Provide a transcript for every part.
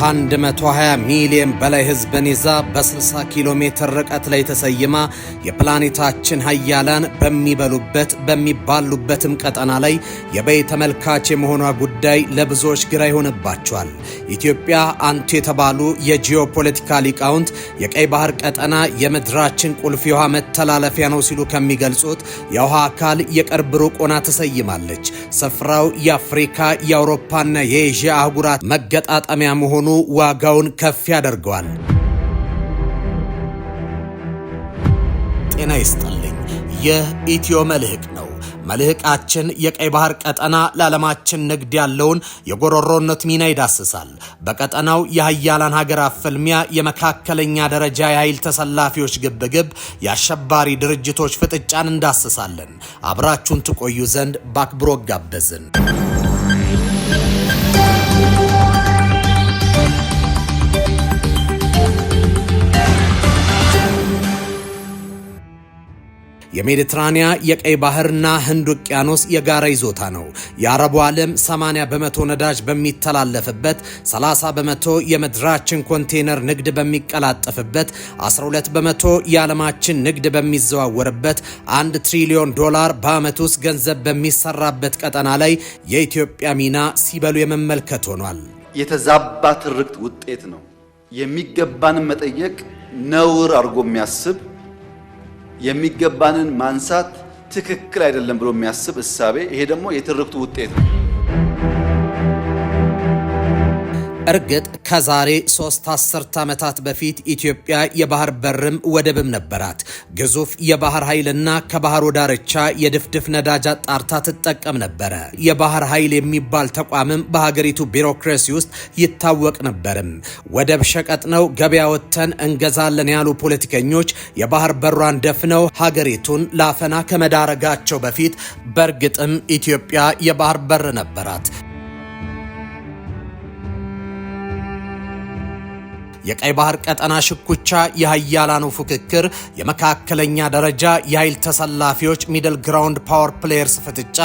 ከ120 ሚሊዮን በላይ ህዝብን ይዛ በ60 ኪሎ ሜትር ርቀት ላይ ተሰይማ የፕላኔታችን ሀያላን በሚበሉበት በሚባሉበትም ቀጠና ላይ የበይ ተመልካች የመሆኗ ጉዳይ ለብዙዎች ግራ ይሆንባቸዋል። ኢትዮጵያ አንቱ የተባሉ የጂኦፖለቲካ ሊቃውንት የቀይ ባህር ቀጠና የምድራችን ቁልፍ የውሃ መተላለፊያ ነው ሲሉ ከሚገልጹት የውሃ አካል የቅርብ ሩቅ ሆና ተሰይማለች። ስፍራው የአፍሪካ የአውሮፓና የኤዥያ አህጉራት መገጣጠሚያ መሆኑ መሆኑ ዋጋውን ከፍ ያደርገዋል። ጤና ይስጥልኝ። ይህ ኢትዮ መልህቅ ነው። መልህቃችን የቀይ ባህር ቀጠና ለዓለማችን ንግድ ያለውን የጎሮሮነት ሚና ይዳስሳል። በቀጠናው የሀያላን ሀገራት ፍልሚያ፣ የመካከለኛ ደረጃ የኃይል ተሰላፊዎች ግብግብ፣ የአሸባሪ ድርጅቶች ፍጥጫን እንዳስሳለን። አብራችሁን ትቆዩ ዘንድ በአክብሮት ጋበዝን። የሜዲትራኒያ የቀይ ባህርና ህንድ ውቅያኖስ የጋራ ይዞታ ነው። የአረቡ ዓለም 80 በመቶ ነዳጅ በሚተላለፍበት፣ 30 በመቶ የምድራችን ኮንቴነር ንግድ በሚቀላጠፍበት፣ 12 በመቶ የዓለማችን ንግድ በሚዘዋወርበት፣ 1 ትሪሊዮን ዶላር በዓመት ውስጥ ገንዘብ በሚሰራበት ቀጠና ላይ የኢትዮጵያ ሚና ሲበሉ የመመልከት ሆኗል። የተዛባ ትርክት ውጤት ነው። የሚገባንም መጠየቅ ነውር አድርጎ የሚያስብ የሚገባንን ማንሳት ትክክል አይደለም ብሎ የሚያስብ እሳቤ፣ ይሄ ደግሞ የትርክቱ ውጤት ነው። እርግጥ ከዛሬ ሶስት አስርት ዓመታት በፊት ኢትዮጵያ የባህር በርም ወደብም ነበራት። ግዙፍ የባህር ኃይልና ከባህሩ ዳርቻ የድፍድፍ ነዳጅ አጣርታ ትጠቀም ነበረ። የባህር ኃይል የሚባል ተቋምም በሀገሪቱ ቢሮክራሲ ውስጥ ይታወቅ ነበርም። ወደብ ሸቀጥ ነው፣ ገበያ ወጥተን እንገዛለን ያሉ ፖለቲከኞች የባህር በሯን ደፍነው ሀገሪቱን ለአፈና ከመዳረጋቸው በፊት በእርግጥም ኢትዮጵያ የባህር በር ነበራት። የቀይ ባህር ቀጠና ሽኩቻ፣ የሀያላኑ ፉክክር የመካከለኛ ደረጃ የኃይል ተሰላፊዎች ሚድል ግራውንድ ፓወር ፕሌየርስ ፍጥጫ፣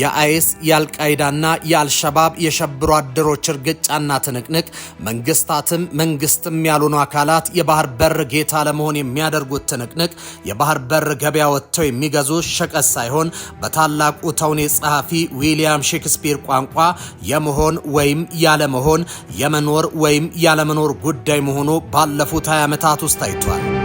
የአይስ የአልቃይዳና የአልሸባብ የሸብሮ አደሮች እርግጫና ትንቅንቅ፣ መንግስታትም መንግስትም ያልሆኑ አካላት የባህር በር ጌታ ለመሆን የሚያደርጉት ትንቅንቅ፣ የባህር በር ገበያ ወጥተው የሚገዙ ሸቀጥ ሳይሆን በታላቁ ተውኔት ጸሐፊ ዊሊያም ሼክስፒር ቋንቋ የመሆን ወይም ያለመሆን የመኖር ወይም ያለመኖር ጉዳይ መሆኑ ባለፉት 20 ዓመታት ውስጥ ታይቷል።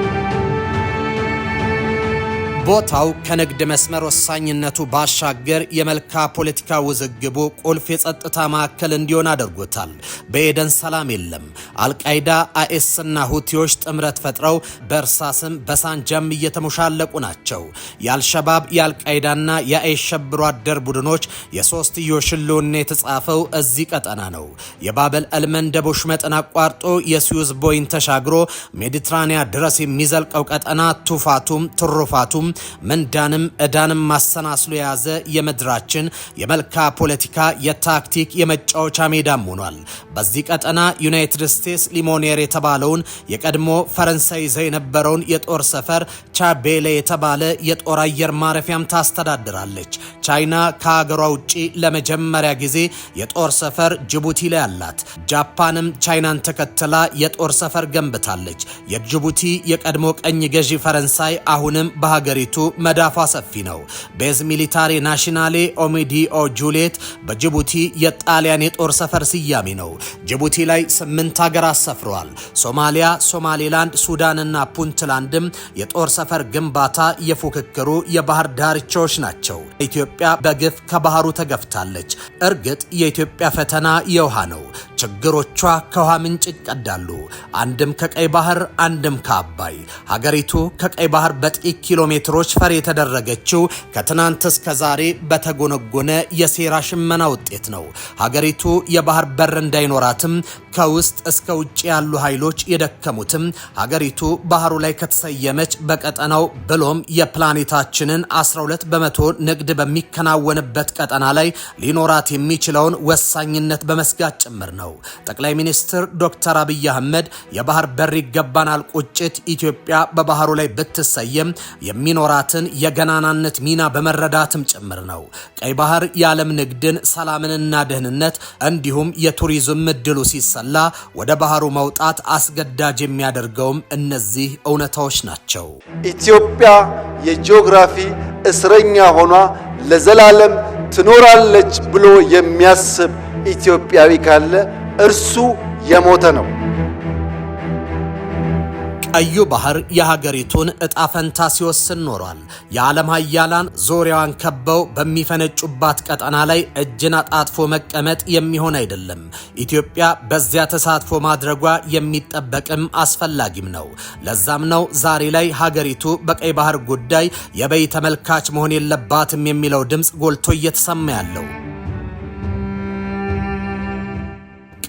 ቦታው ከንግድ መስመር ወሳኝነቱ ባሻገር የመልካ ፖለቲካ ውዝግቡ ቁልፍ የጸጥታ ማዕከል እንዲሆን አድርጎታል። በኤደን ሰላም የለም። አልቃይዳ፣ አኤስና ሁቲዎች ጥምረት ፈጥረው በእርሳስም በሳንጃም እየተሞሻለቁ ናቸው። የአልሸባብ የአልቃይዳና የአኤስ ሸብሮ አደር ቡድኖች የሶስትዮሽ ሕልውና የተጻፈው እዚህ ቀጠና ነው። የባበል አልመንደብ ወሽመጥን አቋርጦ የስዊዝ ቦይን ተሻግሮ ሜዲትራኒያ ድረስ የሚዘልቀው ቀጠና ቱፋቱም ትሩፋቱም ምንዳንም እዳንም ማሰናስሎ የያዘ የምድራችን የመልካ ፖለቲካ የታክቲክ የመጫወቻ ሜዳም ሆኗል። በዚህ ቀጠና ዩናይትድ ስቴትስ ሊሞኔር የተባለውን የቀድሞ ፈረንሳይ ይዘው የነበረውን የጦር ሰፈር ቻቤሌ የተባለ የጦር አየር ማረፊያም ታስተዳድራለች። ቻይና ከሀገሯ ውጪ ለመጀመሪያ ጊዜ የጦር ሰፈር ጅቡቲ ላይ አላት። ጃፓንም ቻይናን ተከትላ የጦር ሰፈር ገንብታለች። የጅቡቲ የቀድሞ ቀኝ ገዢ ፈረንሳይ አሁንም በሀገሪ የሀገሪቱ መዳፏ ሰፊ ነው። ቤዝ ሚሊታሪ ናሽናሌ ኦሚዲኦ ጁሌት በጅቡቲ የጣሊያን የጦር ሰፈር ስያሜ ነው። ጅቡቲ ላይ ስምንት ሀገራት ሰፍረዋል። ሶማሊያ፣ ሶማሌላንድ፣ ሱዳንና ፑንትላንድም የጦር ሰፈር ግንባታ የፉክክሩ የባህር ዳርቻዎች ናቸው። ኢትዮጵያ በግፍ ከባህሩ ተገፍታለች። እርግጥ የኢትዮጵያ ፈተና የውሃ ነው። ችግሮቿ ከውሃ ምንጭ ይቀዳሉ። አንድም ከቀይ ባህር አንድም ከአባይ። ሀገሪቱ ከቀይ ባህር በጥቂት ኪሎ ሜትሮች ፈር የተደረገችው ከትናንት እስከ ዛሬ በተጎነጎነ የሴራ ሽመና ውጤት ነው። ሀገሪቱ የባህር በር እንዳይኖራትም ከውስጥ እስከ ውጭ ያሉ ኃይሎች የደከሙትም ሀገሪቱ ባህሩ ላይ ከተሰየመች በቀጠናው ብሎም የፕላኔታችንን 12 በመቶ ንግድ በሚከናወንበት ቀጠና ላይ ሊኖራት የሚችለውን ወሳኝነት በመስጋት ጭምር ነው። ነው። ጠቅላይ ሚኒስትር ዶክተር አብይ አህመድ የባህር በር ይገባናል ቁጭት ኢትዮጵያ በባህሩ ላይ ብትሰየም የሚኖራትን የገናናነት ሚና በመረዳትም ጭምር ነው። ቀይ ባህር የዓለም ንግድን፣ ሰላምንና ደህንነት እንዲሁም የቱሪዝም እድሉ ሲሰላ ወደ ባህሩ መውጣት አስገዳጅ የሚያደርገውም እነዚህ እውነታዎች ናቸው። ኢትዮጵያ የጂኦግራፊ እስረኛ ሆኗ ለዘላለም ትኖራለች ብሎ የሚያስብ ኢትዮጵያዊ ካለ እርሱ የሞተ ነው። ቀዩ ባህር የሀገሪቱን እጣ ፈንታ ሲወስን ኖሯል። የዓለም ሀያላን ዙሪያዋን ከበው በሚፈነጩባት ቀጠና ላይ እጅን አጣጥፎ መቀመጥ የሚሆን አይደለም። ኢትዮጵያ በዚያ ተሳትፎ ማድረጓ የሚጠበቅም አስፈላጊም ነው። ለዛም ነው ዛሬ ላይ ሀገሪቱ በቀይ ባህር ጉዳይ የበይ ተመልካች መሆን የለባትም የሚለው ድምፅ ጎልቶ እየተሰማ ያለው።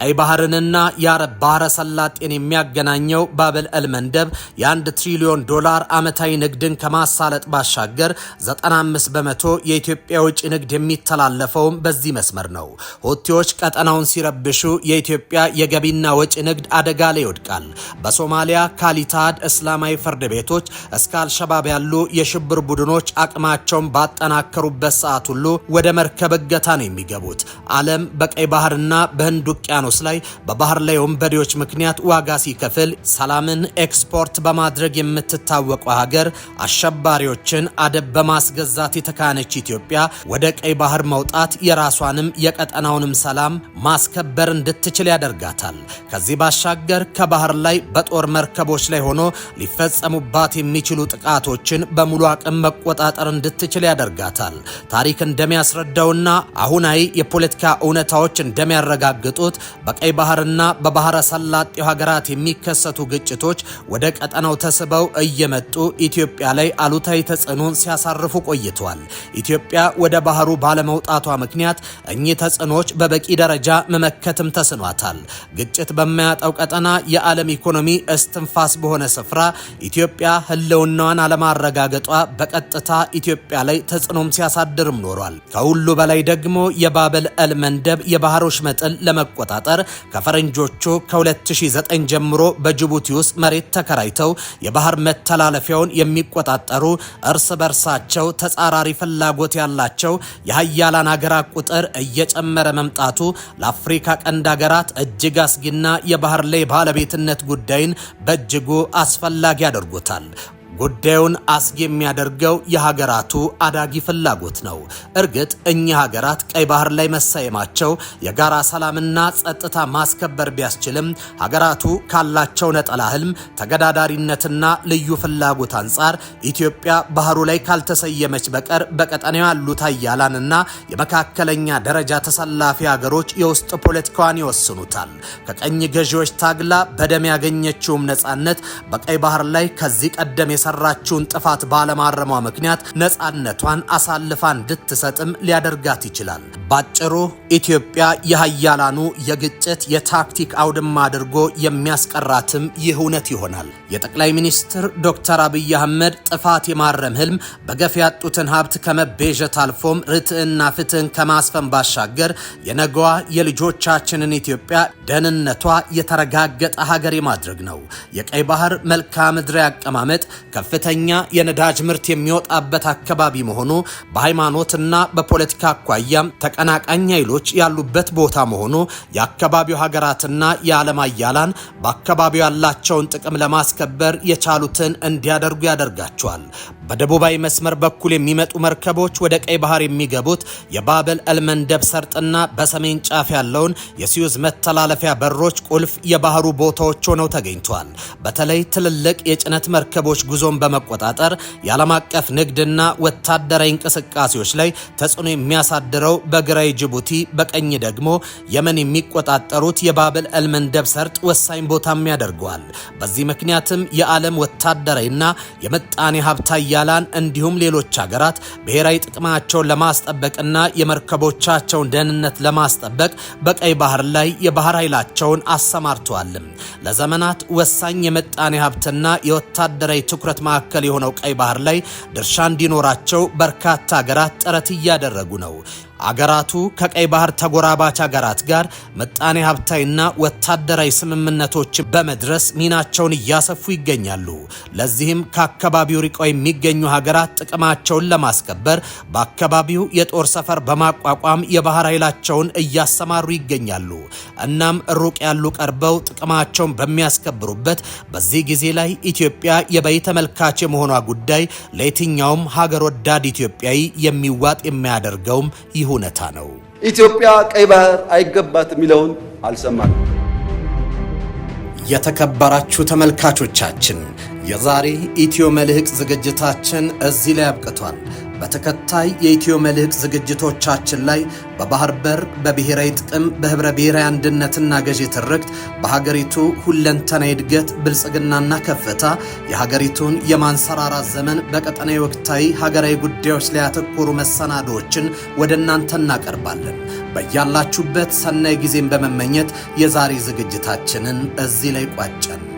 ቀይ ባህርንና የአረብ ባህረ ሰላጤን የሚያገናኘው ባብል አልመንደብ የአንድ ትሪሊዮን ዶላር ዓመታዊ ንግድን ከማሳለጥ ባሻገር 95 በመቶ የኢትዮጵያ ውጭ ንግድ የሚተላለፈውም በዚህ መስመር ነው። ሆቴዎች ቀጠናውን ሲረብሹ የኢትዮጵያ የገቢና ወጪ ንግድ አደጋ ላይ ይወድቃል። በሶማሊያ ካሊታድ እስላማዊ ፍርድ ቤቶች እስከ አልሸባብ ያሉ የሽብር ቡድኖች አቅማቸውን ባጠናከሩበት ሰዓት ሁሉ ወደ መርከብ እገታ ነው የሚገቡት። ዓለም በቀይ ባህርና በህንድ ውቅያኖስ ውቅያኖስ ላይ በባህር ላይ ወንበዴዎች ምክንያት ዋጋ ሲከፍል ሰላምን ኤክስፖርት በማድረግ የምትታወቀው ሀገር አሸባሪዎችን አደብ በማስገዛት የተካነች ኢትዮጵያ ወደ ቀይ ባህር መውጣት የራሷንም የቀጠናውንም ሰላም ማስከበር እንድትችል ያደርጋታል። ከዚህ ባሻገር ከባህር ላይ በጦር መርከቦች ላይ ሆኖ ሊፈጸሙባት የሚችሉ ጥቃቶችን በሙሉ አቅም መቆጣጠር እንድትችል ያደርጋታል። ታሪክ እንደሚያስረዳውና አሁናዊ የፖለቲካ እውነታዎች እንደሚያረጋግጡት በቀይ ባህርና በባህረ ሰላጤው ሀገራት የሚከሰቱ ግጭቶች ወደ ቀጠናው ተስበው እየመጡ ኢትዮጵያ ላይ አሉታዊ ተጽዕኖን ሲያሳርፉ ቆይተዋል። ኢትዮጵያ ወደ ባህሩ ባለመውጣቷ ምክንያት እኚህ ተጽዕኖች በበቂ ደረጃ መመከትም ተስኗታል። ግጭት በማያጣው ቀጠና የዓለም ኢኮኖሚ እስትንፋስ በሆነ ስፍራ ኢትዮጵያ ህልውናዋን አለማረጋገጧ በቀጥታ ኢትዮጵያ ላይ ተጽዕኖም ሲያሳድርም ኖሯል። ከሁሉ በላይ ደግሞ የባብል እል መንደብ የባህሮች መጠን ለመቆጣጠር አቆጣጠር ከፈረንጆቹ ከ2009 ጀምሮ በጅቡቲ ውስጥ መሬት ተከራይተው የባህር መተላለፊያውን የሚቆጣጠሩ እርስ በርሳቸው ተጻራሪ ፍላጎት ያላቸው የሀያላን ሀገራት ቁጥር እየጨመረ መምጣቱ ለአፍሪካ ቀንድ ሀገራት እጅግ አስጊና የባህር ላይ ባለቤትነት ጉዳይን በእጅጉ አስፈላጊ አድርጎታል። ጉዳዩን አስጊ የሚያደርገው የሀገራቱ አዳጊ ፍላጎት ነው። እርግጥ እኚህ ሀገራት ቀይ ባህር ላይ መሳየማቸው የጋራ ሰላምና ጸጥታ ማስከበር ቢያስችልም ሀገራቱ ካላቸው ነጠላ ህልም ተገዳዳሪነትና ልዩ ፍላጎት አንጻር ኢትዮጵያ ባህሩ ላይ ካልተሰየመች በቀር በቀጠናው ያሉት ኃያላንና የመካከለኛ ደረጃ ተሰላፊ ሀገሮች የውስጥ ፖለቲካዋን ይወስኑታል። ከቀኝ ገዢዎች ታግላ በደም ያገኘችውም ነጻነት በቀይ ባህር ላይ ከዚህ ቀደም የሰራ የሰራችውን ጥፋት ባለማረሟ ምክንያት ነፃነቷን አሳልፋ እንድትሰጥም ሊያደርጋት ይችላል። ባጭሩ ኢትዮጵያ የሀያላኑ የግጭት የታክቲክ አውድማ አድርጎ የሚያስቀራትም ይህ እውነት ይሆናል። የጠቅላይ ሚኒስትር ዶክተር አብይ አህመድ ጥፋት የማረም ህልም በገፍ ያጡትን ሀብት ከመቤዠት አልፎም ርትዕና ፍትህን ከማስፈን ባሻገር የነገዋ የልጆቻችንን ኢትዮጵያ ደህንነቷ የተረጋገጠ ሀገር የማድረግ ነው። የቀይ ባህር መልክዓ ምድራዊ አቀማመጥ ከፍተኛ የነዳጅ ምርት የሚወጣበት አካባቢ መሆኑ በሃይማኖትና በፖለቲካ አኳያም ተቀናቃኝ ኃይሎች ያሉበት ቦታ መሆኑ የአካባቢው ሀገራትና የዓለም አያላን በአካባቢው ያላቸውን ጥቅም ለማስከበር የቻሉትን እንዲያደርጉ ያደርጋቸዋል። በደቡባዊ መስመር በኩል የሚመጡ መርከቦች ወደ ቀይ ባህር የሚገቡት የባበል አልመንደብ ሰርጥና በሰሜን ጫፍ ያለውን የሲዩዝ መተላለፊያ በሮች ቁልፍ የባህሩ ቦታዎች ሆነው ተገኝተዋል። በተለይ ትልልቅ የጭነት መርከቦች ጉዞን በመቆጣጠር የዓለም አቀፍ ንግድና ወታደራዊ እንቅስቃሴዎች ላይ ተጽዕኖ የሚያሳድረው በግራይ ጅቡቲ፣ በቀኝ ደግሞ የመን የሚቆጣጠሩት የባብል አልመንደብ ሰርጥ ወሳኝ ቦታም ያደርገዋል። በዚህ ምክንያትም የዓለም ወታደራዊና የምጣኔ ሀብታ ። ኃያላን እንዲሁም ሌሎች ሀገራት ብሔራዊ ጥቅማቸውን ለማስጠበቅና የመርከቦቻቸውን ደህንነት ለማስጠበቅ በቀይ ባህር ላይ የባህር ኃይላቸውን አሰማርተዋል። ለዘመናት ወሳኝ የመጣኔ ሀብትና የወታደራዊ ትኩረት ማዕከል የሆነው ቀይ ባህር ላይ ድርሻ እንዲኖራቸው በርካታ ሀገራት ጥረት እያደረጉ ነው። አገራቱ ከቀይ ባህር ተጎራባች አገራት ጋር ምጣኔ ሀብታዊና ወታደራዊ ስምምነቶች በመድረስ ሚናቸውን እያሰፉ ይገኛሉ። ለዚህም ከአካባቢው ርቀው የሚገኙ ሀገራት ጥቅማቸውን ለማስከበር በአካባቢው የጦር ሰፈር በማቋቋም የባህር ኃይላቸውን እያሰማሩ ይገኛሉ። እናም ሩቅ ያሉ ቀርበው ጥቅማቸውን በሚያስከብሩበት በዚህ ጊዜ ላይ ኢትዮጵያ የበይ ተመልካች የመሆኗ ጉዳይ ለየትኛውም ሀገር ወዳድ ኢትዮጵያዊ የሚዋጥ የሚያደርገውም ይሆ ሁነታ ነው። ኢትዮጵያ ቀይ ባህር አይገባት የሚለውን አልሰማንም። የተከበራችሁ ተመልካቾቻችን የዛሬ ኢትዮ መልሕቅ ዝግጅታችን እዚህ ላይ አብቅቷል። በተከታይ የኢትዮ መልሕቅ ዝግጅቶቻችን ላይ በባህር በር፣ በብሔራዊ ጥቅም፣ በህብረ ብሔራዊ አንድነትና ገዢ ትርክት፣ በሀገሪቱ ሁለንተና እድገት ብልጽግናና ከፍታ፣ የሀገሪቱን የማንሰራራት ዘመን፣ በቀጠናዊ ወቅታዊ ሀገራዊ ጉዳዮች ላይ ያተኮሩ መሰናዶዎችን ወደ እናንተ እናቀርባለን። በያላችሁበት ሰናይ ጊዜን በመመኘት የዛሬ ዝግጅታችንን እዚህ ላይ ቋጨን።